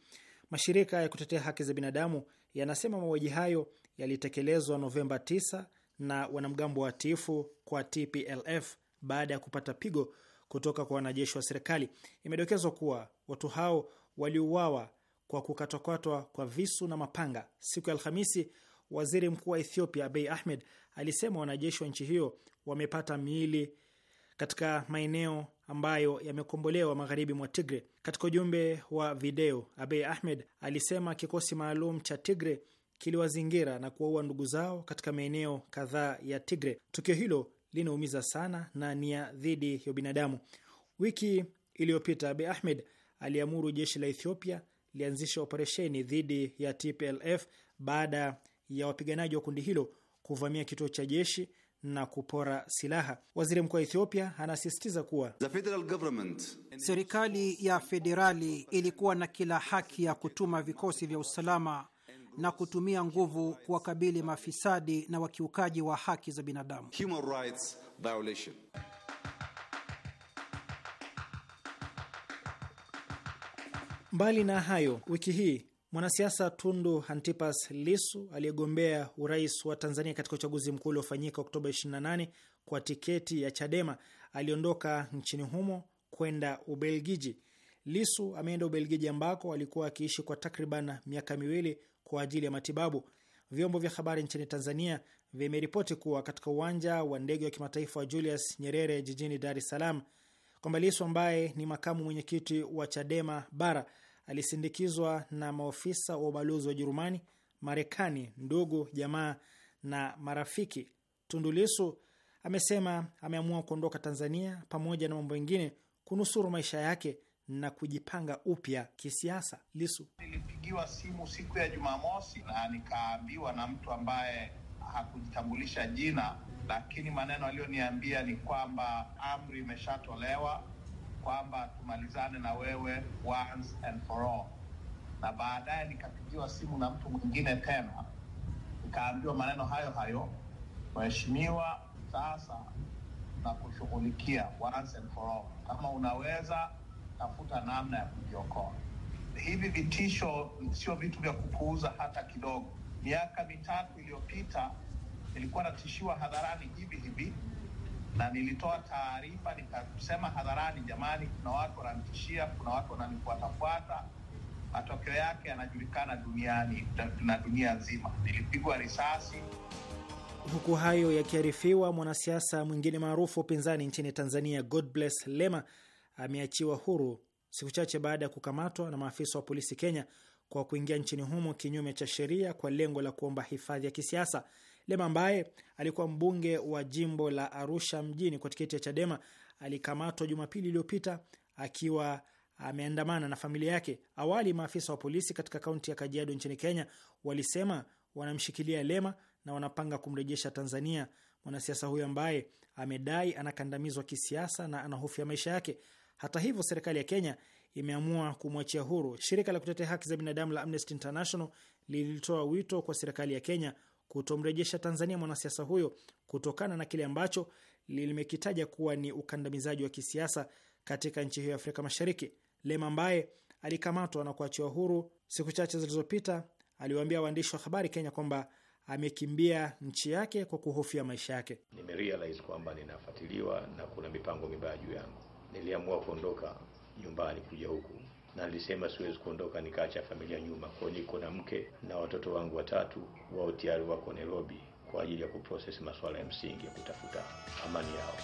Mashirika ya kutetea haki za binadamu yanasema mauaji hayo yalitekelezwa Novemba 9 na wanamgambo wa tifu kwa TPLF baada ya kupata pigo kutoka kwa wanajeshi wa serikali. Imedokezwa kuwa watu hao waliuawa kwa kukatwakatwa kwa visu na mapanga. Siku ya Alhamisi, waziri mkuu wa Ethiopia Abiy Ahmed alisema wanajeshi wa nchi hiyo wamepata miili katika maeneo ambayo yamekombolewa magharibi mwa Tigre. Katika ujumbe wa video, Abiy Ahmed alisema kikosi maalum cha Tigre kiliwazingira na kuwaua ndugu zao katika maeneo kadhaa ya Tigre. Tukio hilo linaumiza sana na nia dhidi ya binadamu. Wiki iliyopita Abiy Ahmed aliamuru jeshi la Ethiopia lianzisha operesheni dhidi ya TPLF baada ya wapiganaji wa kundi hilo kuvamia kituo cha jeshi na kupora silaha. Waziri mkuu wa Ethiopia anasisitiza kuwa serikali ya federali ilikuwa na kila haki ya kutuma vikosi vya usalama na kutumia nguvu kuwakabili mafisadi na wakiukaji wa haki za binadamu. Mbali na hayo, wiki hii mwanasiasa Tundu Antipas Lisu aliyegombea urais wa Tanzania katika uchaguzi mkuu uliofanyika Oktoba 28 kwa tiketi ya Chadema aliondoka nchini humo kwenda Ubelgiji. Lisu ameenda Ubelgiji ambako alikuwa akiishi kwa takriban miaka miwili kwa ajili ya matibabu. Vyombo vya habari nchini Tanzania vimeripoti kuwa katika uwanja wa ndege wa kimataifa wa Julius Nyerere jijini Dar es Salaam, kwamba Lissu ambaye ni makamu mwenyekiti wa Chadema Bara alisindikizwa na maofisa wa ubalozi wa Ujerumani, Marekani, ndugu jamaa na marafiki. Tundu Lissu amesema ameamua kuondoka Tanzania pamoja na mambo mengine kunusuru maisha yake na kujipanga upya kisiasa. Lisu nilipigiwa simu siku ya Jumamosi na nikaambiwa na mtu ambaye hakujitambulisha jina, lakini maneno aliyoniambia ni kwamba amri imeshatolewa kwamba tumalizane na wewe once and for all. Na baadaye nikapigiwa simu na mtu mwingine tena, nikaambiwa maneno hayo hayo, mheshimiwa, sasa na once and for all, kama unaweza tafuta namna ya kujiokoa. Hivi vitisho sio vitu vya kupuuza hata kidogo. Miaka mitatu iliyopita nilikuwa natishiwa hadharani hivi hivi, na nilitoa taarifa nikasema hadharani, jamani, kuna watu wananitishia, kuna watu wananifuatafuata, matokeo yake yanajulikana duniani na dunia nzima. Nilipigwa risasi. Huku hayo yakiarifiwa, mwanasiasa mwingine maarufu upinzani nchini Tanzania, Godbless Lema ameachiwa huru siku chache baada ya kukamatwa na maafisa wa polisi Kenya kwa kuingia nchini humo kinyume cha sheria kwa lengo la kuomba hifadhi ya kisiasa. Lema ambaye alikuwa mbunge wa jimbo la Arusha mjini kwa tiketi ya Chadema alikamatwa Jumapili iliyopita akiwa ameandamana na familia yake. Awali maafisa wa polisi katika kaunti ya Kajiado nchini Kenya walisema wanamshikilia Lema na wanapanga kumrejesha Tanzania. Mwanasiasa huyo ambaye amedai anakandamizwa kisiasa na anahofia maisha yake hata hivyo, serikali ya Kenya imeamua kumwachia huru. Shirika la kutetea haki za binadamu la Amnesty International lilitoa wito kwa serikali ya Kenya kutomrejesha Tanzania mwanasiasa huyo kutokana na kile ambacho limekitaja kuwa ni ukandamizaji wa kisiasa katika nchi hiyo ya Afrika Mashariki. Lema ambaye alikamatwa na kuachiwa huru siku chache zilizopita aliwaambia waandishi wa habari Kenya kwamba amekimbia nchi yake kwa kuhofia maisha yake. Nimerealize kwamba ninafuatiliwa na kuna mipango mibaya juu yangu niliamua kuondoka nyumbani kuja huku na nilisema siwezi kuondoka nikaacha familia nyuma. Kwa niko na mke na watoto wangu watatu, wao tayari wako Nairobi kwa ajili ya kuprocess masuala ya msingi ya kutafuta amani yao.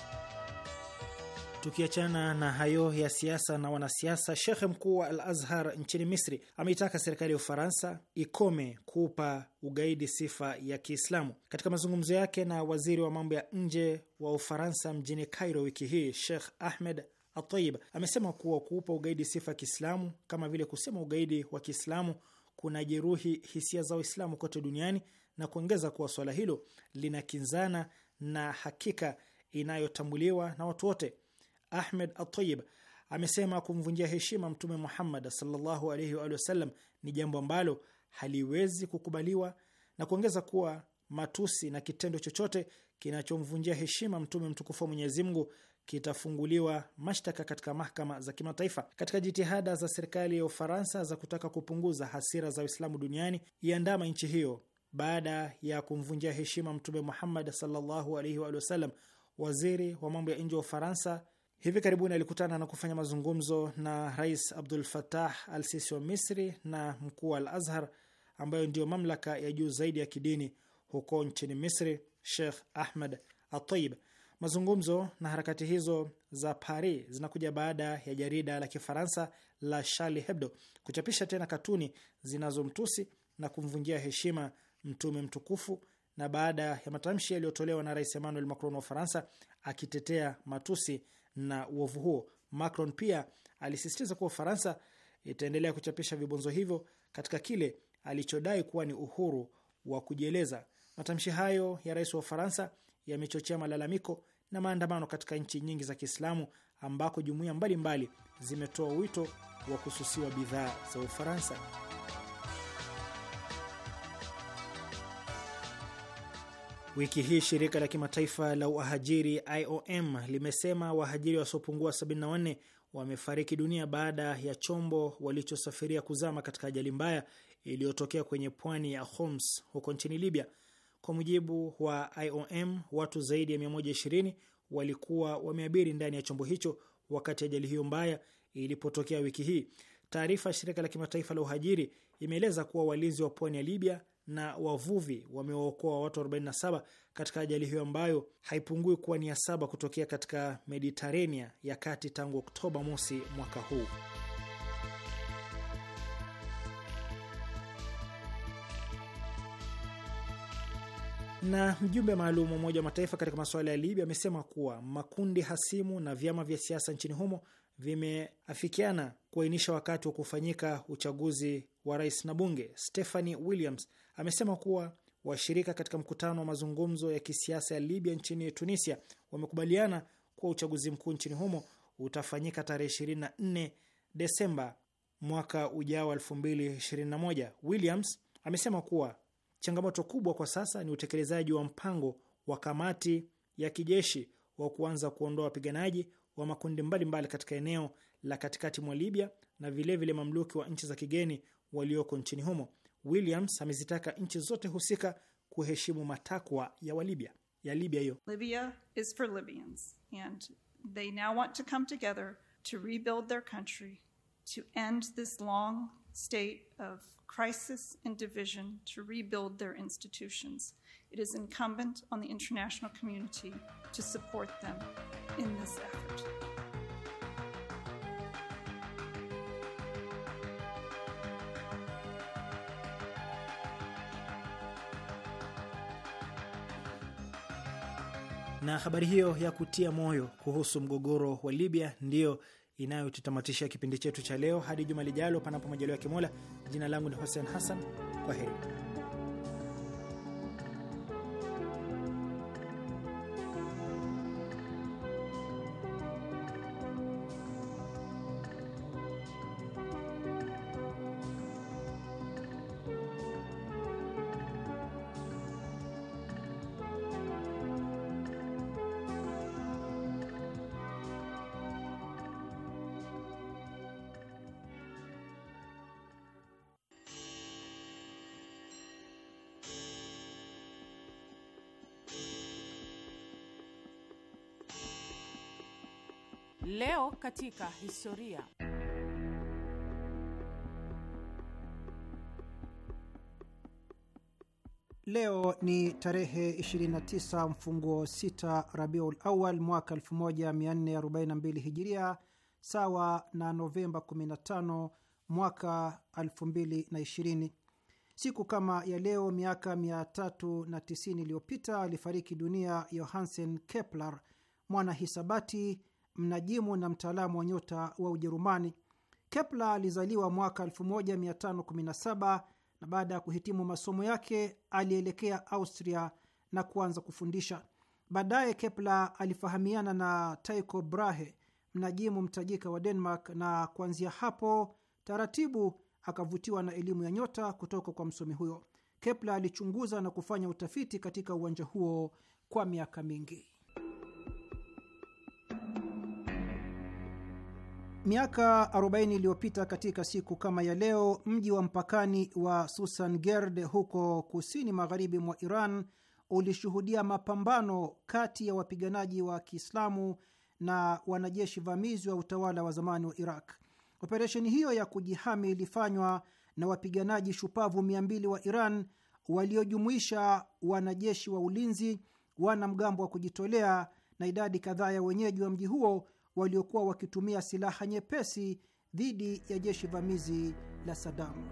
Tukiachana na hayo ya siasa na wanasiasa, shekhe mkuu wa Al Azhar nchini Misri ameitaka serikali ya Ufaransa ikome kuupa ugaidi sifa ya Kiislamu. Katika mazungumzo yake na waziri wa mambo ya nje wa Ufaransa mjini Cairo wiki hii, Shekh Ahmed Ataib amesema kuwa kuupa ugaidi sifa ya Kiislamu kama vile kusema ugaidi wa Kiislamu kuna jeruhi hisia za Waislamu kote duniani na kuongeza kuwa swala hilo linakinzana na hakika inayotambuliwa na watu wote. Ahmed Atayib amesema kumvunjia heshima Mtume Muhammad sallallahu alaihi wa sallam ni jambo ambalo haliwezi kukubaliwa na kuongeza kuwa matusi na kitendo chochote kinachomvunjia heshima mtume mtukufu wa Mwenyezi Mungu kitafunguliwa mashtaka katika mahakama za kimataifa. Katika jitihada za serikali ya Ufaransa za kutaka kupunguza hasira za Uislamu duniani, iandama nchi hiyo baada ya kumvunjia heshima Mtume Muhammad sallallahu alaihi wa sallam, waziri wa mambo ya nje wa Ufaransa hivi karibuni alikutana na kufanya mazungumzo na Rais Abdul Fatah al Sisi wa Misri na mkuu wa Al Azhar, ambayo ndiyo mamlaka ya juu zaidi ya kidini huko nchini Misri, Sheikh Ahmed Atayib. Mazungumzo na harakati hizo za Paris zinakuja baada ya jarida la Kifaransa la Charlie Hebdo kuchapisha tena katuni zinazomtusi na kumvunjia heshima mtume mtukufu na baada ya matamshi yaliyotolewa na Rais Emmanuel Macron wa Ufaransa akitetea matusi na uovu huo. Macron pia alisisitiza kuwa Ufaransa itaendelea kuchapisha vibonzo hivyo katika kile alichodai kuwa ni uhuru wa kujieleza. Matamshi hayo ya rais wa Ufaransa yamechochea malalamiko na maandamano katika nchi nyingi za Kiislamu ambako jumuiya mbalimbali zimetoa wito wa kususiwa bidhaa za Ufaransa. Wiki hii shirika la kimataifa la wahajiri IOM limesema wahajiri wasiopungua 74 wamefariki dunia baada ya chombo walichosafiria kuzama katika ajali mbaya iliyotokea kwenye pwani ya Homs huko nchini Libya. Kwa mujibu wa IOM, watu zaidi ya 120 walikuwa wameabiri ndani ya chombo hicho wakati ajali hiyo mbaya ilipotokea wiki hii. Taarifa ya shirika la kimataifa la uhajiri imeeleza kuwa walinzi wa pwani ya Libya na wavuvi wamewaokoa watu 47 katika ajali hiyo ambayo haipungui kuwa ni ya saba kutokea katika Mediterania ya kati tangu Oktoba mosi mwaka huu. Na mjumbe maalum wa Umoja wa Mataifa katika masuala ya Libya amesema kuwa makundi hasimu na vyama vya siasa nchini humo vimeafikiana kuainisha wakati wa kufanyika uchaguzi wa rais na bunge. Stephanie Williams amesema kuwa washirika katika mkutano wa mazungumzo ya kisiasa ya Libya nchini Tunisia wamekubaliana kuwa uchaguzi mkuu nchini humo utafanyika tarehe 24 Desemba mwaka ujao 2021. Williams amesema kuwa Changamoto kubwa kwa sasa ni utekelezaji wa mpango wa kamati ya kijeshi wa kuanza kuondoa wapiganaji wa makundi mbalimbali mbali katika eneo la katikati mwa Libya na vilevile vile mamluki wa nchi za kigeni walioko nchini humo. Williams amezitaka nchi zote husika kuheshimu matakwa ya Walibya ya Libya hiyo. Libya is for Libyans and they now want to come together to rebuild their country to end this long state of crisis and division to rebuild their institutions. It is incumbent on the international community to support them in this effort. Na habari hiyo ya kutia moyo kuhusu mgogoro wa Libya ndiyo inayotutamatishia kipindi chetu cha leo. Hadi juma lijalo, panapo majaliwa ya Kimola. Jina langu ni Hussein Hassan, kwa heri. katika historia. Leo ni tarehe 29 mfunguo 6 Rabiul Awal mwaka 1442 Hijiria, sawa na Novemba 15 mwaka 2020. Siku kama ya leo miaka 390 iliyopita alifariki dunia Johansen Kepler, mwana hisabati mnajimu na mtaalamu wa nyota wa Ujerumani. Kepler alizaliwa mwaka 1517 na baada ya kuhitimu masomo yake alielekea Austria na kuanza kufundisha. Baadaye Kepler alifahamiana na Tycho Brahe, mnajimu mtajika wa Denmark, na kuanzia hapo taratibu akavutiwa na elimu ya nyota kutoka kwa msomi huyo. Kepler alichunguza na kufanya utafiti katika uwanja huo kwa miaka mingi. Miaka 40 iliyopita katika siku kama ya leo, mji wa mpakani wa Susangerd huko kusini magharibi mwa Iran ulishuhudia mapambano kati ya wapiganaji wa Kiislamu na wanajeshi vamizi wa utawala wa zamani wa Iraq. Operesheni hiyo ya kujihami ilifanywa na wapiganaji shupavu 200 wa Iran waliojumuisha wanajeshi wa ulinzi, wanamgambo wa kujitolea na idadi kadhaa ya wenyeji wa mji huo waliokuwa wakitumia silaha nyepesi dhidi ya jeshi vamizi la Sadamu.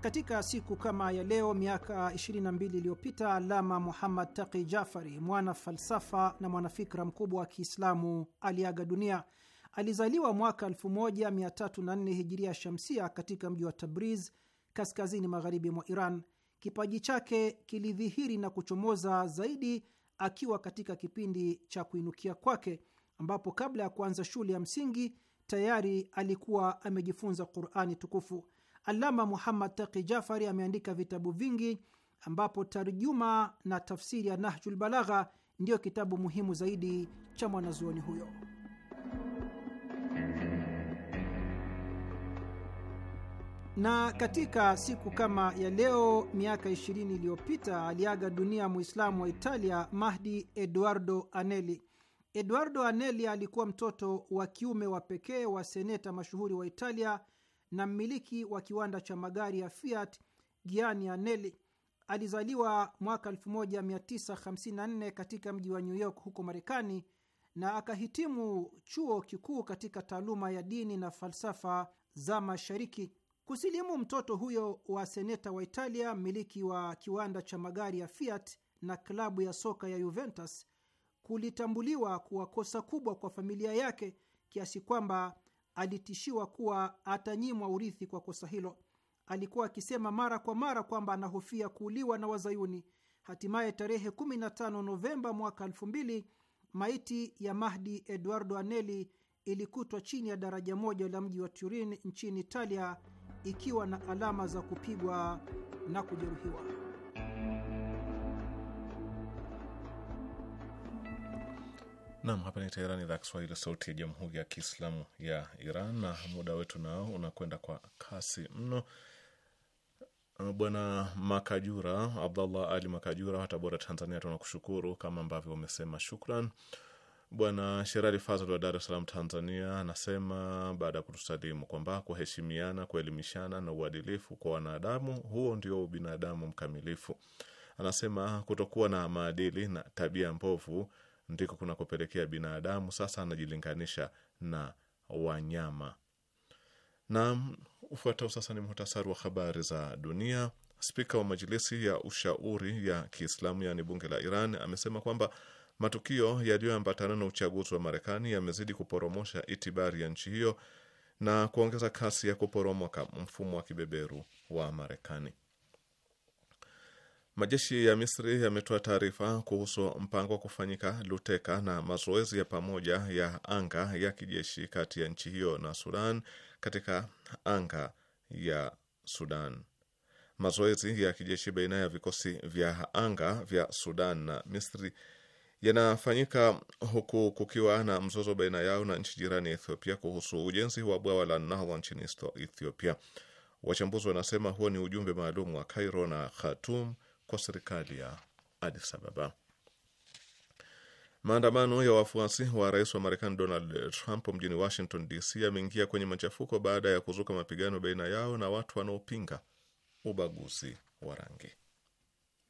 Katika siku kama ya leo miaka 22 iliyopita Alama Muhammad Taqi Jafari, mwana falsafa na mwanafikra mkubwa wa Kiislamu, aliaga dunia. Alizaliwa mwaka 1304 hijiria shamsia katika mji wa Tabriz, kaskazini magharibi mwa Iran. Kipaji chake kilidhihiri na kuchomoza zaidi akiwa katika kipindi cha kuinukia kwake, ambapo kabla ya kuanza shule ya msingi tayari alikuwa amejifunza Qurani tukufu. Alama Muhammad Taqi Jafari ameandika vitabu vingi, ambapo tarjuma na tafsiri ya Nahjul Balagha ndiyo kitabu muhimu zaidi cha mwanazuoni huyo. Na katika siku kama ya leo miaka 20 iliyopita aliaga dunia Muislamu wa Italia Mahdi Eduardo Anelli. Eduardo Anelli alikuwa mtoto wa kiume wa pekee wa seneta mashuhuri wa Italia na mmiliki wa kiwanda cha magari ya Fiat Gianni Anelli. Alizaliwa mwaka 1954 katika mji wa New York huko Marekani na akahitimu chuo kikuu katika taaluma ya dini na falsafa za Mashariki. Kusilimu mtoto huyo wa seneta wa Italia, mmiliki wa kiwanda cha magari ya Fiat na klabu ya soka ya Juventus kulitambuliwa kuwa kosa kubwa kwa familia yake kiasi kwamba alitishiwa kuwa atanyimwa urithi kwa kosa hilo. Alikuwa akisema mara kwa mara kwamba anahofia kuuliwa na Wazayuni. Hatimaye tarehe 15 Novemba mwaka 2000 maiti ya Mahdi Eduardo Anelli ilikutwa chini ya daraja moja la mji wa Turin nchini Italia ikiwa na alama za kupigwa na kujeruhiwa. Nam, hapa ni Teherani, idhaa Kiswahili, sauti ya jamhuri ya kiislamu ya Iran, na muda wetu nao unakwenda kwa kasi mno. Uh, Bwana Makajura Abdallah Ali Makajura wa Tabora, Tanzania, tunakushukuru kama ambavyo umesema, shukran. Bwana Sherali Fazl wa Dar es Salaam, Tanzania, anasema baada ya kutusalimu kwamba kuheshimiana, kuelimishana na uadilifu kwa wanadamu, huo ndio ubinadamu mkamilifu. Anasema kutokuwa na maadili na tabia mbovu ndiko kunakopelekea binadamu sasa anajilinganisha na wanyama. Na ufuatao sasa ni muhtasari wa habari za dunia. Spika wa Majilisi ya Ushauri ya Kiislamu, yaani bunge la Iran, amesema kwamba Matukio yaliyoambatana na uchaguzi wa Marekani yamezidi kuporomosha itibari ya nchi hiyo na kuongeza kasi ya kuporomoka mfumo wa kibeberu wa Marekani. Majeshi ya Misri yametoa taarifa kuhusu mpango wa kufanyika luteka na mazoezi ya pamoja ya anga ya kijeshi kati ya nchi hiyo na Sudan katika anga ya Sudan. Mazoezi ya kijeshi baina ya vikosi vya anga vya Sudan na Misri yanafanyika huku kukiwa na mzozo baina yao na nchi jirani ya Ethiopia kuhusu ujenzi wa bwawa la Nahda nchini Ethiopia. Wachambuzi wanasema huo ni ujumbe maalum wa Cairo na Khartoum kwa serikali ya Addis Ababa. Maandamano ya wafuasi wa rais wa Marekani Donald Trump mjini Washington DC yameingia kwenye machafuko baada ya kuzuka mapigano baina yao na watu wanaopinga ubaguzi wa rangi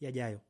yajayo.